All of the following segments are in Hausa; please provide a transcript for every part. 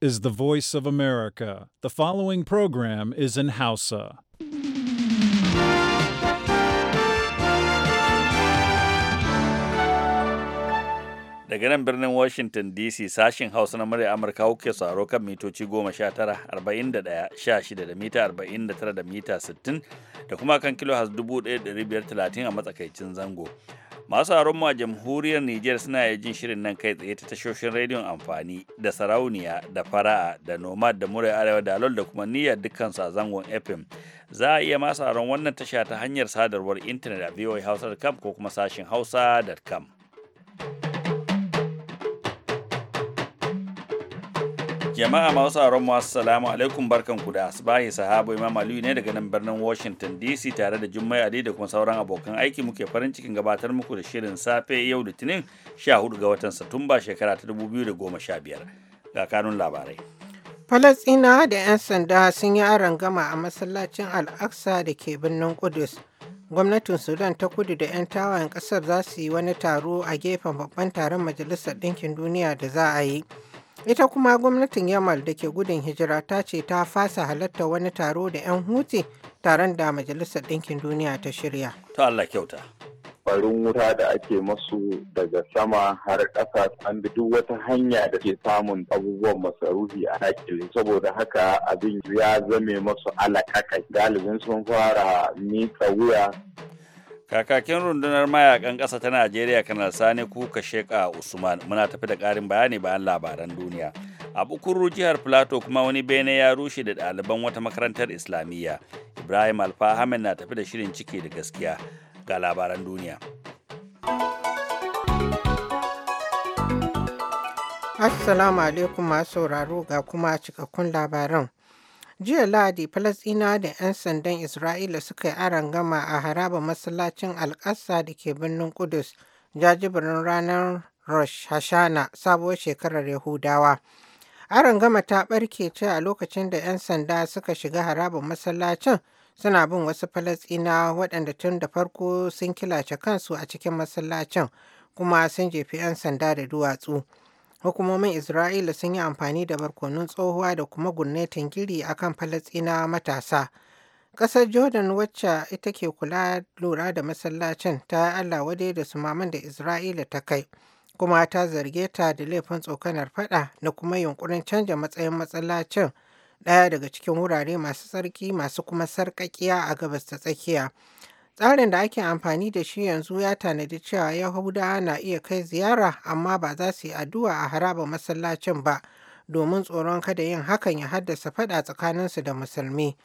is the voice of America. The following program is in Hausa. Daga nan birnin Washington DC sashin Hausa na murya Amurka kuke tsaro kan mitoci 19-41-16 da mita 49 da mita 60 da kuma kan kilo 1530 a matsakaicin zango. masu haron ma jamhuriyar Nijar suna ya jin shirin nan kai tsaye ta tashoshin rediyon amfani da sarauniya da fara'a da nomad da murai arewa da alol da kuma niyyar dukkan sa zangon FM za a iya masu haron wannan tasha ta hanyar sadarwar intanet a voahausa.com ko kuma sashin hausa.com jama'a masu tsaron mu assalamu alaikum barkanku da asbahi sahabo imam aliyu ne daga nan birnin washington dc tare da jummai ali da kuma sauran abokan aiki muke farin cikin gabatar muku da shirin safe yau da litinin 14 ga watan satumba shekara ta 2015 ga kanun labarai falastina da 'yan sanda sun yi aron gama a masallacin al'aksa da ke birnin kudus gwamnatin sudan ta kudu da 'yan tawayen kasar za su yi wani taro a gefen babban taron majalisar ɗinkin duniya da za a yi Ita kuma gwamnatin Yamal da ke gudun hijira ta ce ta fasa halatta wani taro da 'yan huti taron da Majalisar Ɗinkin Duniya ta shirya. Ta Allah kyauta. farin wuta da ake masu daga sama har ƙasa an bi duk wata hanya da ke samun abubuwan masarufi a hakili saboda haka abin ya zame masu alaƙaƙa galibin sun fara miƙa wuya kakakin rundunar mayakan ƙasa ta najeriya kana sani kuka sheka usman muna tafi da ƙarin bayani bayan labaran duniya a bukuru jihar plateau kuma wani bene ya rushe da ɗaliban wata makarantar islamiyya ibrahim alfahamin na tafi da shirin ciki da gaskiya ga labaran duniya assalamu alaikum masu sauraro ga kuma cikakkun labaran Jiya Lahadi, Falasina da 'yan sandan Isra'ila suka yi gama a haraba masallacin alkasa da ke birnin Kudus, jajibirin ranar Rosh Hashana, sabuwar shekarar Yahudawa. gama ta ɓarke ce a lokacin da 'yan sanda suka shiga harabar masallacin suna bin wasu falasina waɗanda tun da farko sun kilace kansu a cikin masallacin kuma sun jefi 'yan sanda da duwatsu. Hukumomin Isra'ila sun yi amfani da barkonon tsohuwa da kuma gurnetin giri a kan Falasɗinawa matasa. Ƙasar Jordan wacce ita ke kula lura da masallacin ta yi Allah wadai da su maman da Isra'ila ta kai, kuma ta zarge ta da laifin tsokanar fada da kuma yunkurin canja matsayin masallacin ɗaya daga cikin wurare masu tsarki masu kuma sarƙaƙiya a gabas ta tsakiya. Tsarin da ake amfani da shi yanzu ya tanadi cewa Yahuda na iya kai ziyara amma ba za su yi addu'a a haraba masallacin ba domin tsoron kada yin hakan ya haddasa faɗa tsakaninsu da musulmi.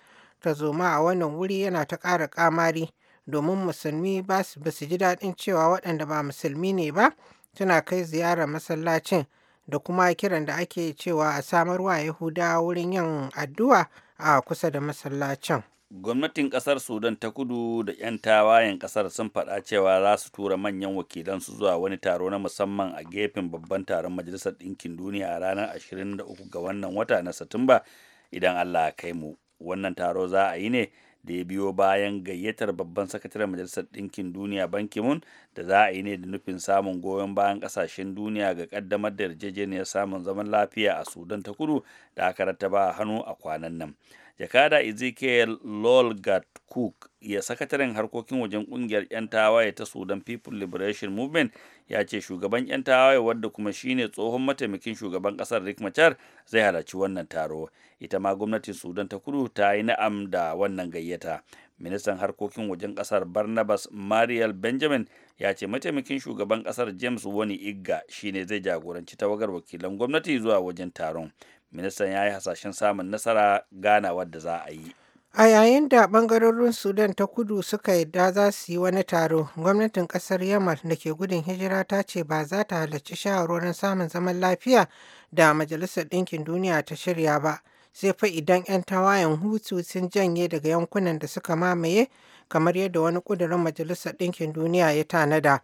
Ta zoma a wannan wuri yana ta ƙara ƙamari domin musulmi ba su ji daɗin cewa waɗanda ba musulmi ne ba suna kai ziyara masallacin da kuma kiran da ake cewa a samarwa Yahuda wurin yin addu'a a kusa da masallacin. gwamnatin kasar sudan ta kudu da 'yan tawayen kasar sun faɗa cewa za su tura manyan wakilansu zuwa wani taro na musamman a gefen babban taron majalisar ɗinkin duniya a ranar 23 ga wannan wata na satumba idan allah kai mu wannan taro za a yi ne da ya biyo bayan gayyatar babban sakataren majalisar ɗinkin duniya ban kimun da za a yi ne da nufin samun goyon bayan kasashen duniya ga kaddamar da yarjejeniyar samun zaman lafiya a sudan ta kudu da aka rattaba hannu a kwanan nan jakada ezekiel lolgat cook ya sakataren harkokin wajen kungiyar 'yan tawaye ta sudan people liberation movement ya ce shugaban 'yan tawaye wadda kuma shine tsohon mataimakin shugaban kasar rick machar zai halarci wannan taro ita ma gwamnatin sudan ta kudu ta yi na'am da wannan gayyata ministan harkokin wajen kasar barnabas mariel benjamin ya ce mataimakin shugaban kasar james wani igga shine zai jagoranci tawagar wakilan gwamnati zuwa wajen taron ministan ya yi hasashen samun nasara gana wadda za a yi a yayin da bangarorin sudan ta kudu suka yadda za su yi wani taro gwamnatin kasar yamal da ke gudun hijira ta ce ba za ta halarci shawarorin samun zaman lafiya da majalisar ɗinkin duniya ta shirya ba sai fa idan 'yan tawayen hutu sun janye daga yankunan da suka mamaye kamar yadda wani kudurin majalisar ɗinkin duniya ya tanada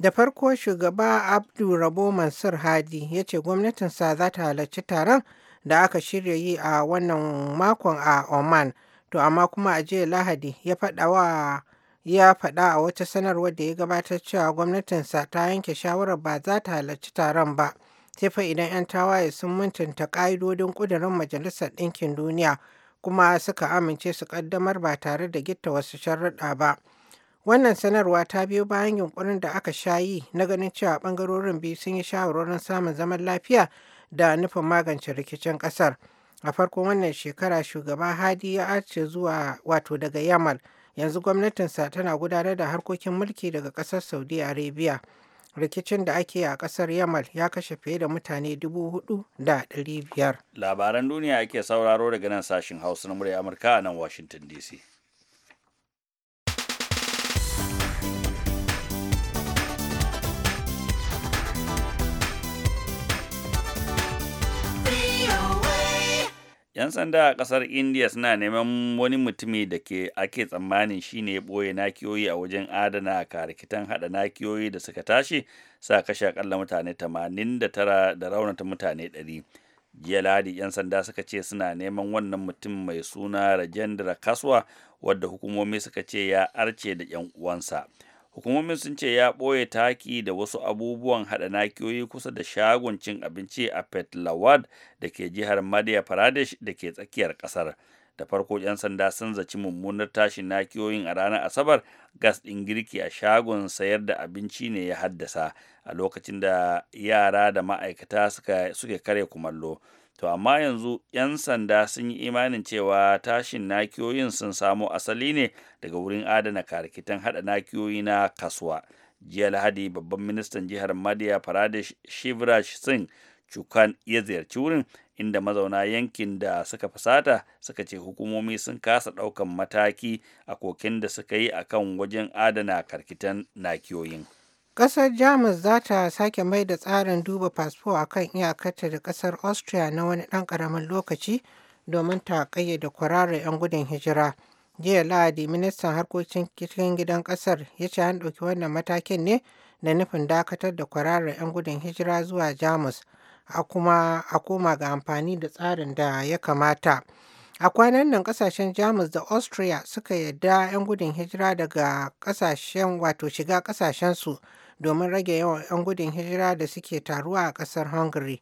da farko shugaba abdu rabo mansur hadi ya ce gwamnatinsa za ta halarci taron da aka shirya yi a wannan makon a oman to amma kuma a jiya lahadi ya faɗa wa ya faɗa a wata sanarwar da ya gabatar cewa gwamnatinsa ta yanke shawarar ba za ta halarci taron ba. sai fa idan 'yan tawaye sun mutunta ƙa'idodin ƙudurin majalisar ɗinkin duniya kuma suka amince su ƙaddamar ba tare da gitta wasu sharuɗa ba wannan sanarwa ta biyo bayan yunkurin da aka sha yi na ganin cewa ɓangarorin biyu sun yi shawarorin samun zaman lafiya da nufin magance rikicin ƙasar a farko wannan shekara shugaba hadi ya arce zuwa wato daga yamal yanzu gwamnatinsa tana gudanar da harkokin mulki daga ƙasar saudi arabia rikicin da ake a kasar yamal ya kashe fiye da mutane dubu hudu da ɗari biyar labaran duniya ake sauraro daga nan sashin hausa na murya amurka a nan washington dc 'Yan sanda a ƙasar India suna neman wani mutumi da ke ake tsammanin shi ne ɓoye nakiyoyi a wajen adana karikitan haɗa nakiyoyi da suka tashi sa kashe akalla mutane 89 da raunata mutane 100. Jiya Lahadi 'yan sanda suka ce suna neman wannan mutum mai suna Rajendra Kaswa wadda hukumomi suka ce ya arce da 'yan uwansa. hukumomin sun ce ya ɓoye taki da wasu abubuwan haɗa nakiyoyi kusa da shagon cin abinci a petlawad da ke jihar madhya pradesh da ke tsakiyar ƙasar da farko 'yan sanda sun zaci mummunar tashin nakiyoyin a ranar asabar gas ɗin girki a shagon sayar da abinci ne ya haddasa a lokacin da yara da ma'aikata suke kare kumallo to amma yanzu 'yan sanda sun yi imanin cewa tashin nakiyoyin sun samo asali ne daga wurin adana karkitan hada nakiyoyi na kasuwa jiya lahadi babban ministan jihar madhya pradesh shivraj singh chukan ya ziyarci wurin inda mazauna yankin da suka fasata suka ce hukumomi sun kasa ɗaukan mataki a kokin da suka yi akan wajen adana karkitan nakiyoyin. Ƙasar Jamus za ta sake mai da tsarin duba fasfo a kan iyakarta da ƙasar Austria na wani ɗan ƙaramin lokaci domin ta ƙayyade kwararar 'yan gudun hijira. Jiya Lahadi, ministan harkokin cikin gidan ƙasar ya ce an ɗauki wannan matakin ne da nufin dakatar da kwararar 'yan gudun hijira zuwa Jamus, a kuma a koma ga amfani da tsarin da ya kamata. A kwanan nan kasashen Jamus da Austria suka yarda 'yan gudun hijira daga kasashen wato shiga su. domin rage yawan 'yan gudun hijira da suke taruwa a ƙasar Hungary.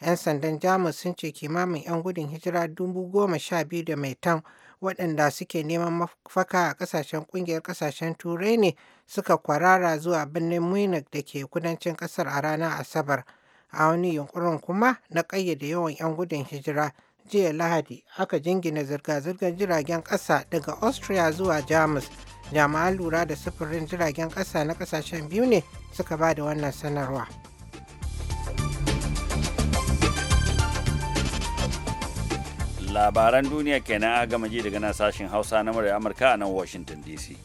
'Yan sandan Jamus sun ce kimamin 'yan gudun hijira dubu goma sha biyu da mai tan waɗanda suke neman mafaka a ƙasashen ƙungiyar ƙasashen Turai ne suka kwarara zuwa birnin Munich da ke kudancin ƙasar a ranar Asabar. A wani yunkurin kuma na ƙayyade yawan 'yan gudun hijira jiya Lahadi aka jingina zirga-zirgar jiragen ƙasa daga Austria zuwa Jamus jami'an lura da sufurin jiragen ƙasa na ƙasashen biyu ne suka ba da wannan sanarwa labaran duniya kenan a gama ji daga nan sashen hausa na murya amurka a nan washington dc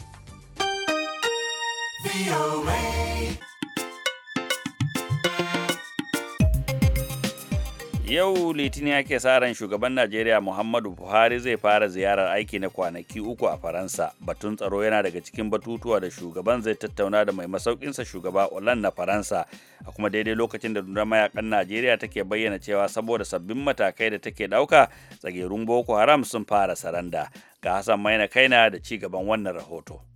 Yau Litinin ake sa ran shugaban Najeriya Muhammadu Buhari zai fara ziyarar aiki na kwanaki uku a Faransa. Batun tsaro yana daga cikin batutuwa da shugaban zai tattauna da mai masaukinsa shugaba Olan na Faransa. A kuma daidai lokacin da dundar mayakan Najeriya take bayyana cewa saboda sabbin matakai da take ɗauka tsagerun Boko Haram sun fara saranda. Ga Hassan Maina Kaina da ci gaban wannan rahoto.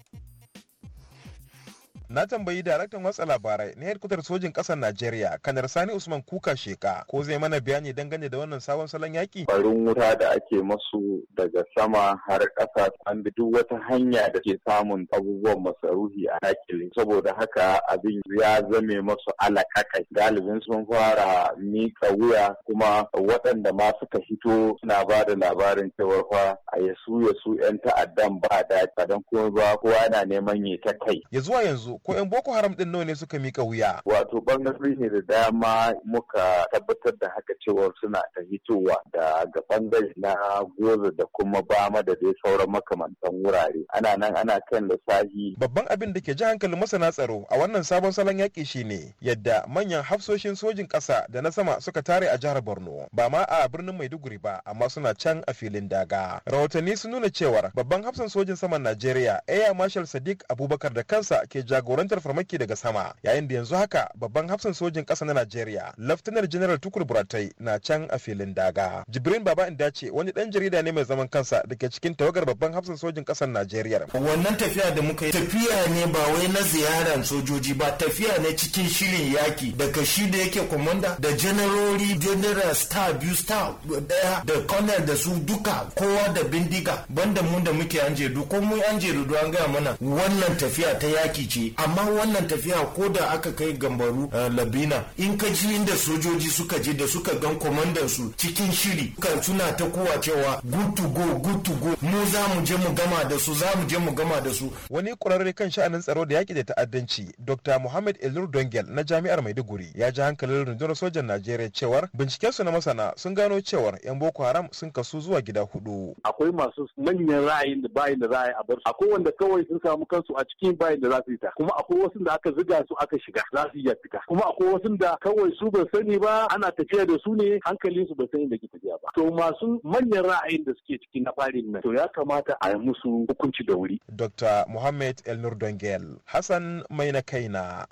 na tambayi daraktan watsa labarai na hedkwatar sojin ƙasar najeriya kanar sani usman kuka sheka ko zai mana bayani dangane da wannan sabon salon yaki barin wuta da ake masu daga sama har ƙasa an bi duk wata hanya da ke samun abubuwan masarufi a hakili. saboda haka abin ya zame masu alaƙaƙai galibin sun fara miƙa wuya kuma waɗanda ma suka hito suna ba da labarin cewar fa a yasu yasu 'yan ta'addan ba da kadan kuma ba kowa yana neman ya ta kai ya zuwa yanzu ko 'yan boko haram din nawa ne suka mika wuya wato bangarori ne da dama muka tabbatar da haka cewa suna ta hitowa daga bangare na goza da kuma bama da dai sauran makamantan wurare ana nan ana kan lissafi babban abin da ke ji hankalin masana tsaro a wannan sabon salon yaƙi shine yadda manyan hafsoshin sojin ƙasa da na sama suka tare a jihar borno ba ma a birnin maiduguri ba amma suna can a filin daga rahotanni sun nuna cewar babban hafsan sojin saman najeriya air marshal sadiq abubakar da kansa ke jagoranci jagorantar farmaki daga sama yayin da yanzu haka babban hafsan sojin kasa na Najeriya Laftanar General Tukur Buratai na can a filin daga. Jibrin Baba Inda ce wani dan jarida ne mai zaman kansa da cikin tawagar babban hafsan sojin ƙasar Najeriya. Wannan tafiya da muka yi tafiya ne ba wai na ziyaran sojoji ba tafiya ne cikin shirin yaki daga shi da yake komanda da general general star biyu star daya da colonel da su duka kowa da bindiga banda mun da muke an duk ko mun an jedu an gaya mana wannan tafiya ta yaki ce amma wannan tafiya ko da aka kai gambaru eh, labina in ka ji inda sojoji suka je da suka gan kwamandan su cikin shiri kan suna ta kowa cewa good to go good to go mu za mu je mu gama da su za mu je mu gama da su wani kurare kan sha'anin tsaro da yaki da ta'addanci dr muhammad elnur dongel na jami'ar maiduguri ya ji hankalin rundunar sojan najeriya cewar binciken su na masana sun gano cewar yan boko haram sun kasu zuwa gida hudu akwai masu manyan ra'ayin da bayin da za a bar akwai wanda kawai sun samu kansu a cikin bayin da za su yi ta kuma akwai wasu da aka ziga su aka shiga za su iya fita kuma akwai wasu da kawai su ba sani ba ana tafiya da su ne hankalin su ba sani da kike ba to masu manyan ra'ayin da suke cikin farin nan to ya kamata a yi musu hukunci da wuri Dr. Muhammad El Nur Dongel Hassan Mai na kaina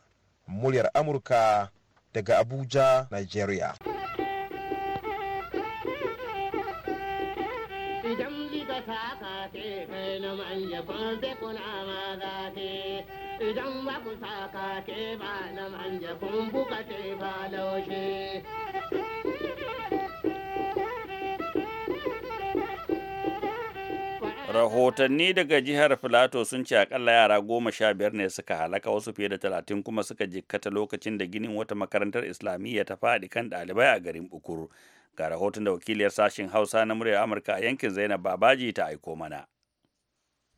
muryar Amurka daga Abuja Nigeria Idan ji ka ce kai na manya kun amma za idan ba ku saka ke ba na manja kun buka ce ba laushe. Rahotanni daga jihar Filato sun ce akalla yara goma sha biyar ne suka halaka wasu fiye da talatin kuma suka jikkata lokacin da ginin wata makarantar Islamiyya ta faɗi kan ɗalibai a garin Bukuru. Ga rahoton da wakiliyar sashen Hausa na muryar Amurka a yankin Zainab Babaji ta aiko mana.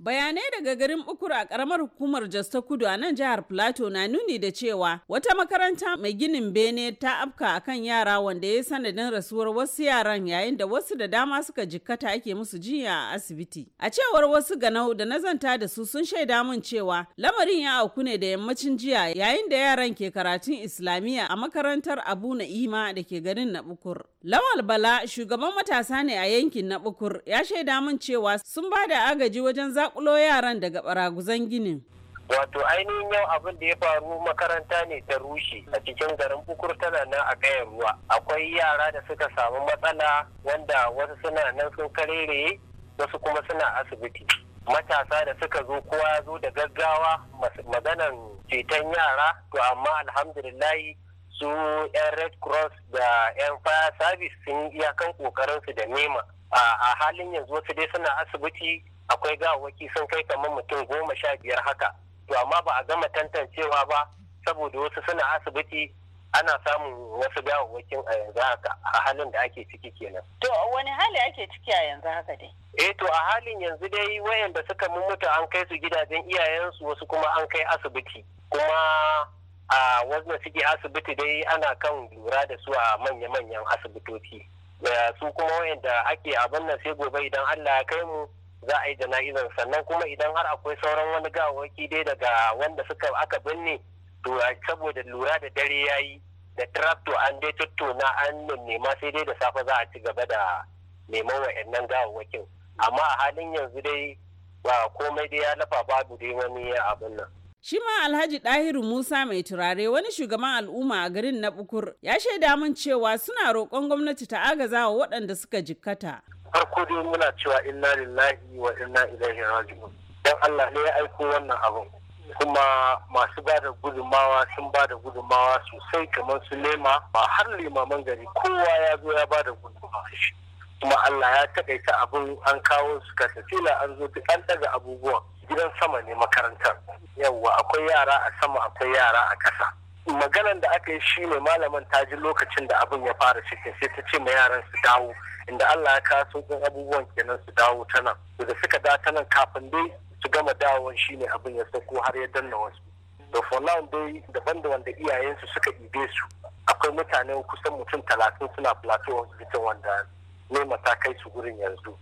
Bayanai daga garin Ukur a karamar hukumar Jos ta Kudu a nan jihar Plateau na nuni da cewa wata makaranta mai ginin bene ta afka akan yara wanda ya sanadin rasuwar wasu yaran yayin da wasu da dama suka jikkata ake musu jinya a asibiti. A cewar wasu ganau da nazanta da su sun shaida mun cewa lamarin ya auku ne da yammacin jiya yayin da yaran ke karatun Islamiyya a makarantar Abu Na'ima da ke garin na Nabukur. Lawal Bala shugaban matasa ne a yankin na Nabukur ya shaida mun cewa sun ba da agaji wajen zaɓa zakulo yaran daga baraguzan ginin. Wato ainihin yau abin da ya faru makaranta ne ta rushe a cikin garin bukur tana nan a kayan ruwa. Akwai yara da suka samu matsala wanda wasu suna nan sun karere wasu kuma suna asibiti. Matasa da suka zo kowa ya zo da gaggawa maganan ceton yara to amma alhamdulillahi su 'yan red cross da 'yan fire service sun iyakan kokarinsu da nema a halin yanzu wasu dai suna asibiti akwai gawaki sun kai kamar mutum goma sha biyar haka to amma ba a gama tantancewa ba saboda wasu suna asibiti ana samun wasu gawawwakin a yanzu haka a halin da ake ciki kenan. To wani hali ake ciki a yanzu haka dai? Eh to a halin yanzu dai wayanda suka mutu an kai su gidajen iyayensu wasu kuma an kai asibiti kuma a wanda suke asibiti dai ana kan lura da su a manya-manyan asibitoci. Su kuma wayanda ake abin nan sai gobe idan Allah ya kai mu za a yi jana'izar sannan kuma idan har akwai sauran wani gawaki dai daga wanda suka aka binne to saboda lura da dare yayi da tractor an dai tattona an nema sai dai da safe za a ci gaba da neman wa'annan gawawakin amma a halin yanzu dai ba komai dai ya lafa babu dai wani abin nan Shi ma Alhaji Ɗahiru Musa mai turare wani shugaban al'umma a garin na Bukur ya shaida min cewa suna roƙon gwamnati ta agaza wa waɗanda suka jikkata. farko dai muna cewa inna lillahi wa inna ilaihi raji'un dan Allah ne ya aiko wannan abun kuma masu ba da gudunmawa sun ba da gudunmawa sosai kamar su nema ba har limaman gari kowa ya zo ya ba da gudunmawa kuma Allah ya takaita abun an kawo su ka tafila an zo duk an daga abubuwan gidan sama ne makarantar yawwa akwai yara a sama akwai yara a ƙasa maganan da aka yi shi ne malaman ta ji lokacin da abin ya fara cikin sai ta ce ma yaran su dawo inda Allah ya kaso ɗin abubuwan kenan su dawo ta nan da suka da ta nan kafin dai su gama dawon shi ne abin ya sauko har ya danna wasu da folan dai daban da wanda iyayensu suka ibe su akwai mutane kusan mutum talatin suna plateau hospital wanda ne matakai su gurin yanzu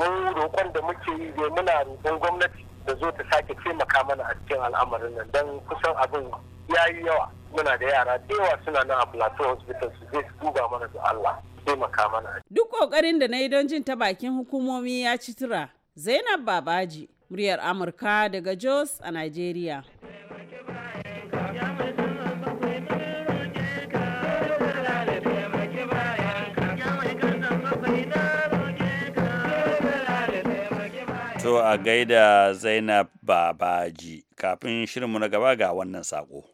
mun roƙon da muke yi dai muna roƙon gwamnati da zo ta sake taimaka mana a cikin al'amarin nan don kusan abin ya yi yawa muna da yara dewa suna nan a plateau hospital su zai duba mana da Allah taimaka mana. Duk kokarin da na yi don jin ta bakin hukumomi ya ci tura. Zainab Babaji, muryar Amurka daga Jos a nigeria. To a gaida Zainab Babaji, kafin shirinmu na gaba ga wannan sako.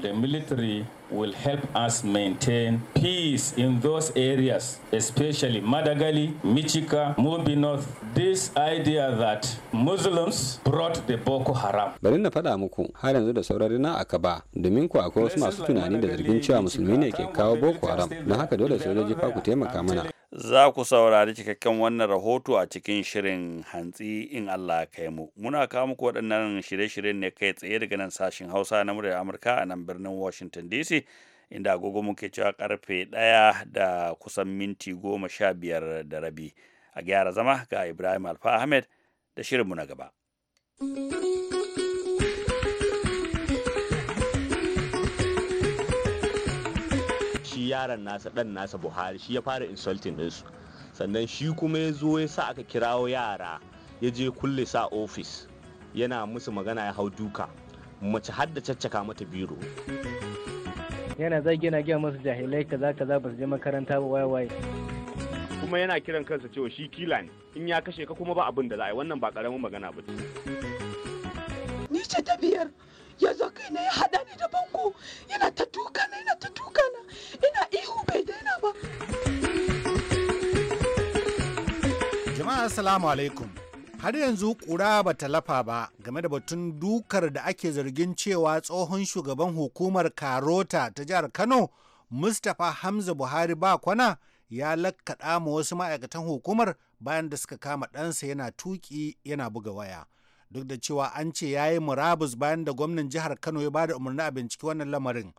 The military will help us maintain peace in those areas, especially Madagali, Michika, Mubi North. This idea that Muslims brought the Boko Haram. Bari na faɗa muku har yanzu da saurari na aka ba domin ku akwai wasu masu tunani da zargin cewa musulmi ne ke kawo Boko Haram Na haka dole sojoji fa ku taimaka mana. za ku saurari cikakken wannan rahoto a cikin shirin hantsi in Allah kai mu muna kawo muku waɗannan shirye-shiryen ne kai tsaye daga nan sashin Hausa na muryar Amurka a nan birnin Washington DC inda agogo muke cewa karfe ɗaya da kusan minti goma sha biyar da rabi a gyara zama ga Ibrahim Alfa Ahmed da mu na gaba. Thank you. yaron nasa dan nasa buhari shi ya fara insulting su sannan shi kuma ya zo ya sa aka kirawo yara ya je kulle sa ofis yana musu magana ya hau duka mace har da caccaka mata biro yana zagi yana gina musu jahilai kaza kaza ba su je makaranta ba waye waye kuma yana kiran kansa cewa shi kila ne in ya kashe ka kuma ba abin da za a yi wannan ba karamin magana ba ce ni ce ta biyar ya zo kai na ya hada ni da bango yana ta tuka na yana ta tuka na ina ihu bai daina ba jama'a assalamu alaikum har yanzu kura ba ta lafa ba game da batun dukar da ake zargin cewa tsohon shugaban hukumar karota ta jihar kano mustapha hamza buhari ba kwana ya lakkaɗa ma wasu ma'aikatan hukumar bayan da suka kama ɗansa yana tuki yana buga waya duk da cewa an ce ya yi murabus bayan da gwamnan jihar kano ya bada umarni a binciki wannan lamarin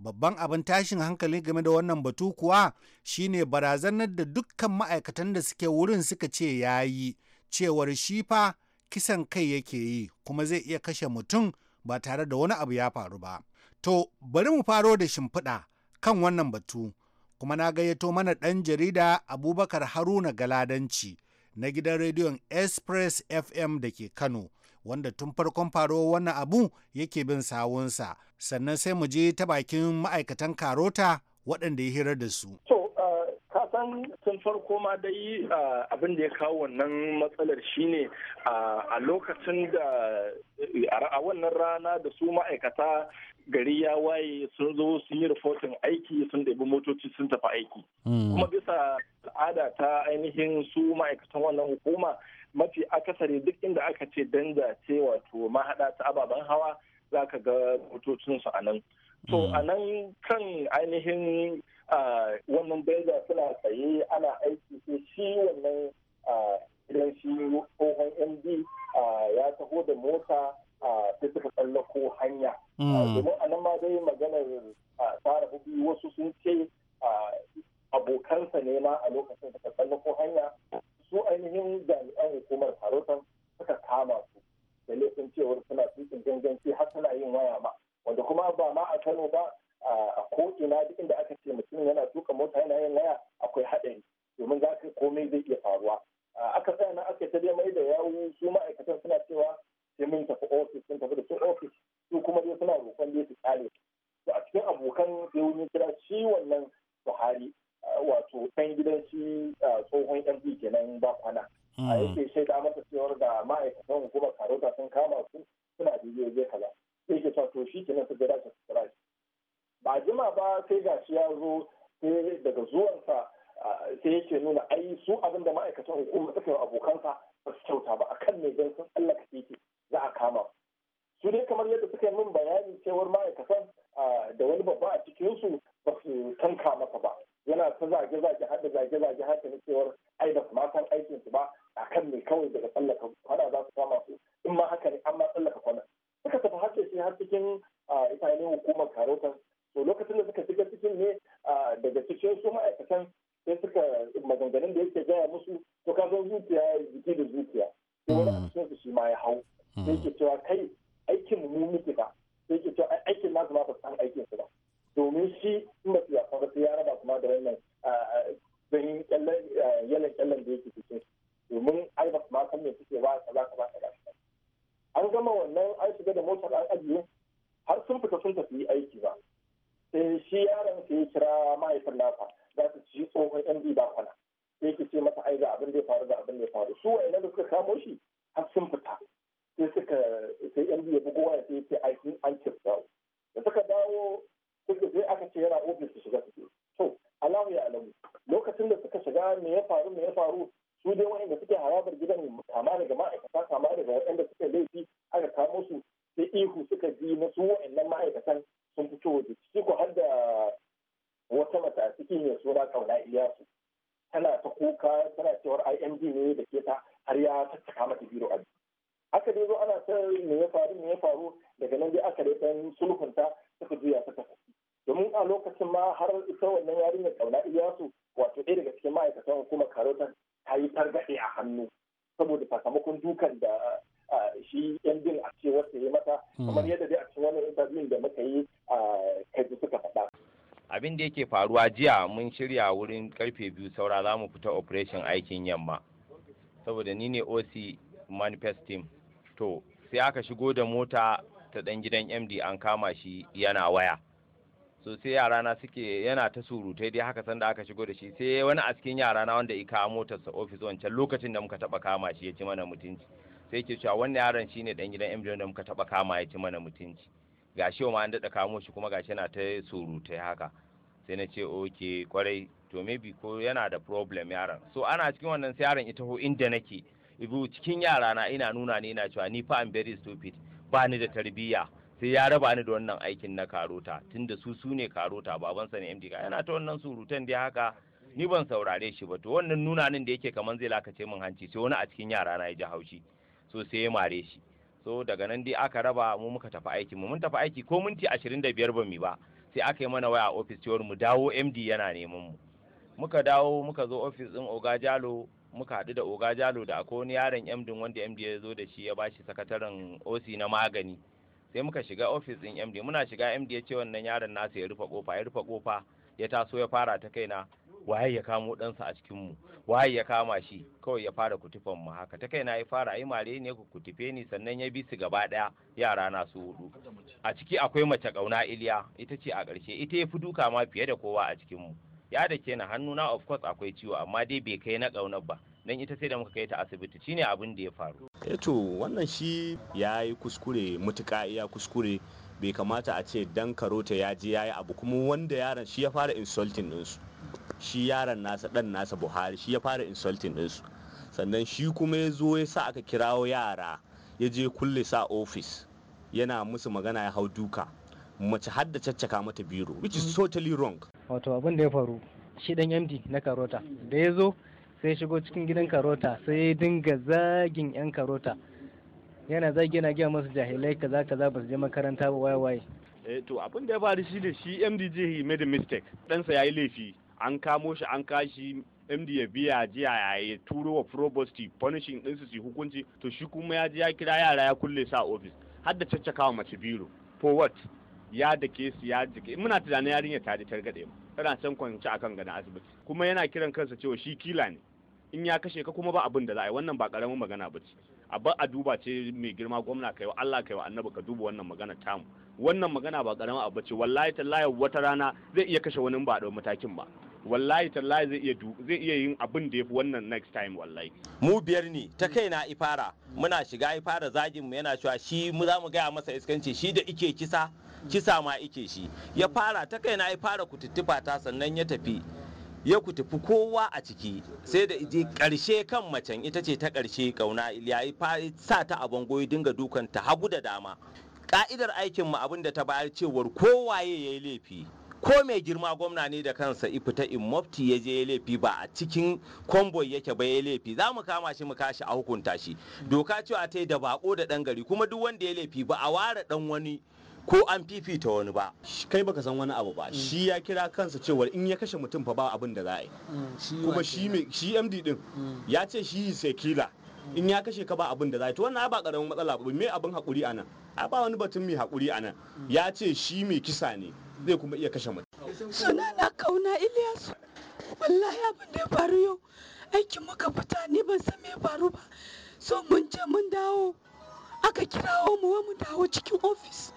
babban abin tashin hankali game da wannan batu kuwa shine barazanar da dukkan ma'aikatan da suke wurin suka ce ya yi cewar shi fa kisan kai yake yi kuma zai iya kashe mutum ba tare da wani abu ya faru ba to bari mu faro da shimfiɗa kan wannan batu kuma na gayyato mana ɗan jarida abubakar haruna galadanci na gidan rediyon express fm da ke kano wanda tun farkon faro wannan abu yake bin sawunsa sannan sai mu je ta bakin ma'aikatan karota waɗanda ya hirar da su. To, kasan tun farko ma dai abin da ya kawo wannan matsalar shine a lokacin da a wannan rana da su ma'aikata gari ya waye sun zo sun yi rufotin aiki sun ɗabi motoci sun tafi aiki. Hmm. Kuma bisa al'ada ta ainihin su ma'aikatan wannan hukuma mafi akasari duk inda aka ce danza ce wato mahaɗa ta ababen hawa za ka ga motocinsu a nan to mm. anan kan ainihin wannan danja suna tsaye ana aiki sai shi wannan idan shi tsohon md ya taho da mota ta suka tsallako hanya mm. domin a nan ma dai maganar tsara hudu wasu sun ce abokansa ne ma a lokacin da ta tsallako hanya su ainihin jami'an hukumar harotan suka kama su da laifin cewar suna tukin ganganci har suna yin waya ba wanda kuma ba ma a Kano ba a ko'ina duk inda aka ce mutum yana tuka mota yana yin waya akwai haɗari domin za ka komai zai iya faruwa aka tsaya na aka tabi mai da yawo su ma'aikatan suna cewa sai mun tafi ofis sun tafi da su ofis su kuma dai suna roƙon dai su tsare to a cikin abokan sai wani kira shi wannan Buhari wato ɗan gidan shi tsohon mp kenan ba kwana hmm. a yake shaida masa cewar da ma'aikatan hukumar karota sun kama su suna bidiyo zai kaza sai ke sa to shi kenan su gada su kira ba jima ba sai ga shi ya zo sai daga zuwansa sai yake nuna ai su abin da ma'aikatan hukumar suka yi abokansa ba su kyauta ba akan ne don sun tsallaka titi za a kama su dai kamar yadda suka yi min bayani cewar ma'aikatan da wani babba a cikinsu ba su tanka masa ba yana ta zage zage hada zage zage haka na cewar ai ba ma san aikin su ba a kan ne kawai daga tsallaka kwana za su kama su in ma haka ne an ma tsallaka kwana suka tafi har shi har cikin ita hukumar karotan to lokacin da suka shiga cikin ne daga cikin su ma'aikatan sai suka maganganun da yake gaya musu to ka zan zuciya ya jiki da zuciya sai wani a cikin su shi ma ya hau mm. sai ke cewa kai aikin mu muke ba sai ke cewa aikin nasu ma ba san aikin su ba domin shi in ba su yafa ba sai ya raba kuma da wannan zahin yalan kyallan da yake cikin domin ai ba su ma san me suke ba kaza kaza kaza an gama wannan an shiga da motar an ajiye har sun fita sun tafi aiki ba sai shi yaron sai ya kira ma'aikatan nasa za su ci tsohon yan ba kwana sai ke ce masa ai ga abin da ya faru ga abin da ya faru su wa'annan da suka kamo shi interview da muka yi a kaji suka faɗa. Abin da yake faruwa jiya mun shirya wurin karfe biyu saura za mu fita operation aikin yamma. Saboda ni ne OC manifest team. To sai aka shigo da mota ta ɗan gidan MD an kama shi yana waya. so sai yara na suke yana ta surutai dai haka sanda aka shigo da shi sai wani a cikin yara na wanda ika motarsa ofis wancan lokacin da muka taba kama shi ya ci mana mutunci sai ke cewa wannan yaron shine dan gidan MD da muka taba kama ya ci mana mutunci gashi ma an daɗa kamo shi kuma gashi yana ta surutai haka sai na ce oke kwarai to maybe ko yana da problem yaran so ana cikin wannan sai yaron ita ho inda nake ibu cikin yara na ina nuna ni ina cewa ni fa am very stupid ba ni da tarbiyya sai ya raba ni da wannan aikin na karota tunda su su ne karota babansa ne MD yana ta wannan surutan dai haka ni ban saurare shi ba to wannan nuna nin da yake kaman zai lakace min hanci sai wani a cikin yara na ya ji haushi so sai ya mare shi so daga nan dai aka raba mu muka tafi aiki mu mun tafi aiki ko minti ashirin da biyar ba mu ba sai aka yi mana waya a ofis cewar mu dawo md yana neman mu muka dawo muka zo ofis din oga jalo muka haɗu da oga jalo da akwai wani yaron md wanda md ya zo da shi ya bashi sakataren oc na magani sai muka shiga ofis din md muna shiga md ya ce wannan yaron nasa ya rufe kofa ya rufe kofa ya taso ya fara ta kaina waye ya kamo ɗansa a cikin mu waye ya kama shi kawai ya fara kutufan mu haka ta kai na ya fara ai mare ne ku kutufe ni sannan ya bi su gaba ɗaya yara na su hudu a ciki akwai mace ƙauna iliya ita ce a ƙarshe ita ya fi duka ma fiye da kowa a cikin mu ya da ke na hannu na of course akwai ciwo amma dai bai kai na ƙaunar ba dan ita sai da muka kai ta asibiti shine abin da ya faru eto eh wannan shi ya yi kuskure mutuka iya kuskure bai kamata a ce dan karota ya je ya yi abu kuma wanda yaran shi ya fara insulting ɗinsu shi yaron nasa dan nasa buhari shi ya fara insulting ɗinsu sannan shi kuma ya zo ya sa aka kirawo yara ya je kulle sa ofis yana musu magana ya hau duka mace har caccaka mata biro which is mm. totally wrong wato abin da ya faru shi dan md na karota da ya zo sai shigo cikin gidan karota sai ya dinga zagin yan karota yana zagi yana gaya masu jahilai kaza kaza ba su je makaranta ba waye waye eh to abin da ya faru shi ne shi md jihi made a mistake ɗansa ya yi laifi an kamo shi an kashi MD ya biya jiya ya yi turo wa probosti punishing ɗinsu su hukunci to shi kuma ya ji ya kira yara ya kulle sa ofis har da caccakawa mace biro for what ya da ke su ya jike muna tunanin yarinya ta ji targaɗe mu tana can kwanci akan gana asibiti kuma yana kiran kansa cewa shi kila ne in ya kashe ka kuma ba abin da za a yi wannan ba karamin magana ba ce a a duba ce mai girma gwamna kai wa Allah kai wa annabi ka duba wannan magana tamu wannan magana ba karama abu ce wallahi tallahi wata rana zai iya kashe wani ba da matakin ba wallahi tallahi zai iya zai iya yin abin da yafi wannan next time wallahi mu biyar ne ta kai na ifara muna shiga ifara zagin mu yana cewa shi mu za mu gaya masa iskanci shi da ike kisa kisa ma ike shi ya fara ta kai na ifara kututtufa ta sannan ya tafi ya ku kowa a ciki sai da je karshe kan macen ita ce ta karshe kauna ya sa ta a bango ya dinga dukanta hagu da dama ka'idar aikinmu abin da ta bayar cewar kowaye ya yi laifi ko mai girma gwamna ne da kansa ifita in mafti ya je ya laifi ba a cikin kwamboi yake ba ya laifi za mu kama shi mu kashi a hukunta shi doka cewa ta yi da bako da dan gari kuma duk wanda ya laifi ba a ware dan wani ko an fifita wani ba kai baka san wani abu ba mm. shi ya kira kansa cewa in ya kashe mutum fa ba abin da za yi mm, kuma shi md din mm. ya ce shi sekila in ya kashe ka ba abin da za to wannan ba karamin matsala ba me abin hakuri anan a ba wani batun mai hakuri anan ya ce shi mai kisa ne zai kuma iya kashe mutum suna na kauna Ilyasu wallahi abin da ya faru yau aikin muka fita ni ban san me faru ba so mun je mun dawo aka kirawo mu mu dawo cikin ofis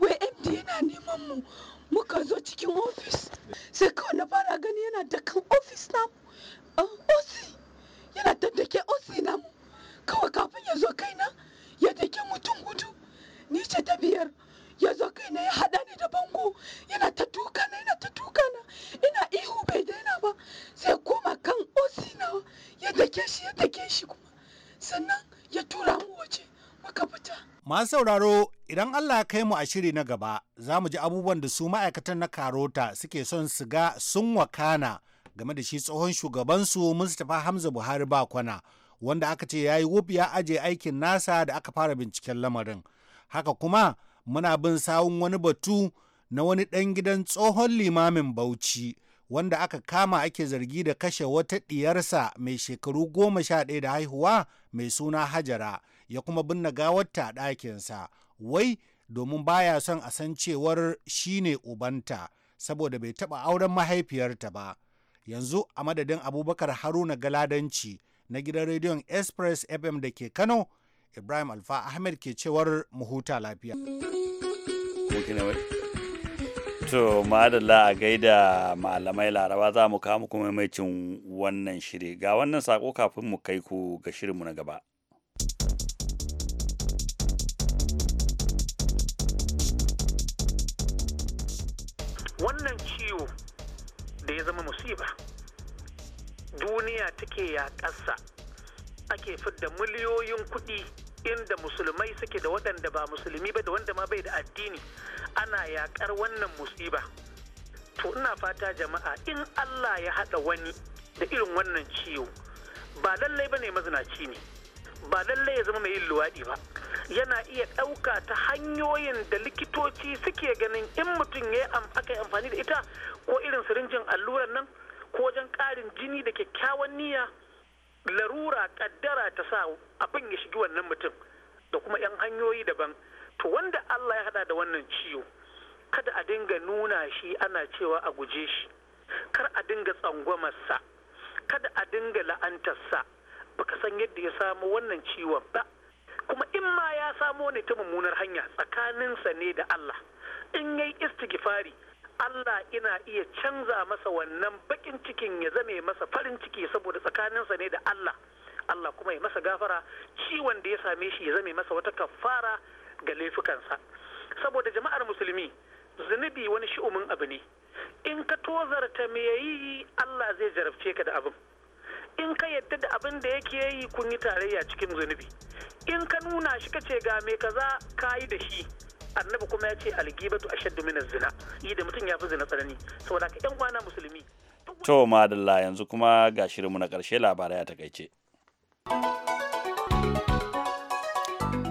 wai md yana neman mu muka zo cikin ofis sai kawai na fara gani yana dakan ofis namu ah, osi yana daddake osi namu kawai kafin ya zo kaina ya take mutum gudu ni ce ta biyar ya zo kaina ya haɗa ni da bango yana ta duka na yana ta duka na ina ihu bai daina ba sai koma kan osi na ya take shi ya take shi kuma sannan ya tura mu waje muka fita. Masu sauraro idan Allah ya kai mu a shiri na gaba za mu ji abubuwan da su ma'aikatan na karota suke son su ga sun wakana game da shi tsohon shugabansu Mustapha Hamza Buhari Bakwana. kwana. wanda aka ce ya yi wuf ya aje aikin nasa da aka fara binciken lamarin haka kuma muna bin sawun wani batu na wani ɗan gidan tsohon limamin bauchi wanda aka kama ake zargi da kashe wata ɗiyarsa mai shekaru goma sha ɗaya da haihuwa mai suna hajara ya kuma binne gawarta a ɗakinsa wai domin baya son a san cewar shi ne ubanta saboda bai taɓa auren mahaifiyarta ba yanzu a madadin abubakar haruna galadanci na gidan rediyon Express FM da ke Kano, Ibrahim Alfa Ahmed ke cewar mu huta lafiya. To, madalla a gaida malamai laraba za mu kama kuma maimacin wannan shiri. Ga wannan sako kafin mu kai ku ga shirinmu na gaba. Wannan ciwo da ya zama musiba. duniya take ya ƙasa ake fidda miliyoyin kuɗi inda musulmai suke da waɗanda ba musulmi ba da wanda ma bai da addini ana yaƙar wannan musiba to ina fata jama'a in allah ya haɗa wani da irin wannan ciwo ba lallai ba ne mazinaci ne ba lallai ya zama mai yin luwaɗi ba yana iya ɗauka ta hanyoyin da likitoci suke ganin in mutum ya aka yi amfani da ita ko irin sirinjin allurar nan ko wajen ƙarin jini da kyakkyawan niyya larura kaddara ta sa abin ya shigi wannan mutum da kuma 'yan hanyoyi daban to wanda Allah ya hada da wannan ciwo kada a dinga nuna shi ana cewa a guje shi kar a dinga tsangwamarsa kada a dinga la'antarsa baka san yadda ya samu wannan ciwon ba kuma in ma ya samo ne ta mummunar hanya tsakaninsa ne da Allah in yayi istighfari Allah ina iya canza masa wannan bakin cikin ya zame masa farin ciki saboda tsakaninsa ne da Allah Allah kuma ya masa gafara ciwon da ya same shi ya zame masa wata kafara ga laifukansa saboda jama'ar musulmi zunubi wani shi'umin abu ne in ka tozarta me yayi Allah zai jarabce ka da abin in ka yadda da abin da yake yi kun yi tarayya cikin zunubi in ka nuna shi ka ce ga me kaza ka yi da shi annabi kuma ya ce algibatu ashaddu min zina yi da mutum ya fi zina tsanani saboda ka yan kwana musulmi to madalla yanzu kuma ga shirinmu na karshe labarai a takaice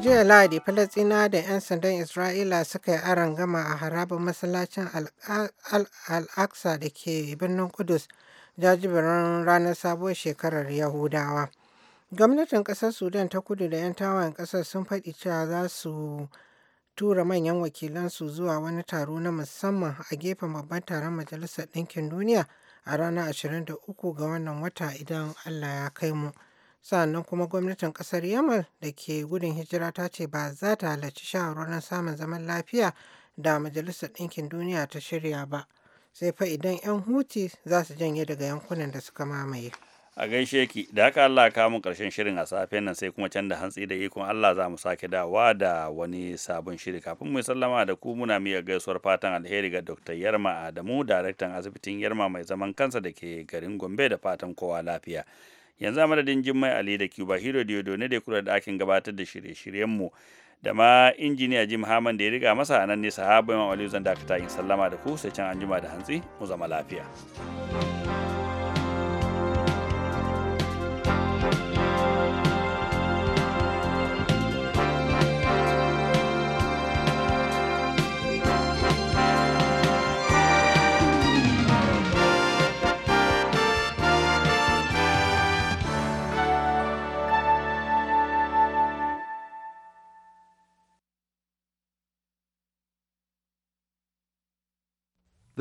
jiya lahadi falastina da 'yan sandan isra'ila suka yi aron gama a harabar masallacin al-aqsa da ke birnin kudus jajibirin ranar sabuwar shekarar yahudawa gwamnatin ƙasar sudan ta kudu da 'yan tawayen ƙasar sun faɗi cewa za su tura manyan wakilansu zuwa wani taro na musamman a gefen babban taron Majalisar Ɗinkin Duniya a ranar 23 ga wannan wata idan Allah ya kai mu. Sannan kuma gwamnatin ƙasar Yamal da ke gudun hijira ta ce ba za ta halarci shawarwarin samun zaman lafiya da Majalisar Ɗinkin Duniya ta shirya ba. Sai fa idan 'yan huti za su janye daga yankunan da suka mamaye. a gaishe ki da haka Allah ka mun karshen shirin a safen nan sai kuma can da hantsi da ikon Allah za mu sake dawa da wani sabon shiri kafin mu sallama da ku muna miya gaisuwar fatan alheri ga Dr. Yarma Adamu daraktan asibitin Yarma mai zaman kansa da ke garin Gombe da fatan kowa lafiya yanzu a madadin Jummai Ali da Cuba Hero Diodo ne da kula da akin gabatar da shirye-shiryen mu da ma injiniya Jim Haman da ya riga masa nan ne sahabu Imam Aliyu zan dakata in sallama da ku sai can anjima da hantsi mu zama lafiya.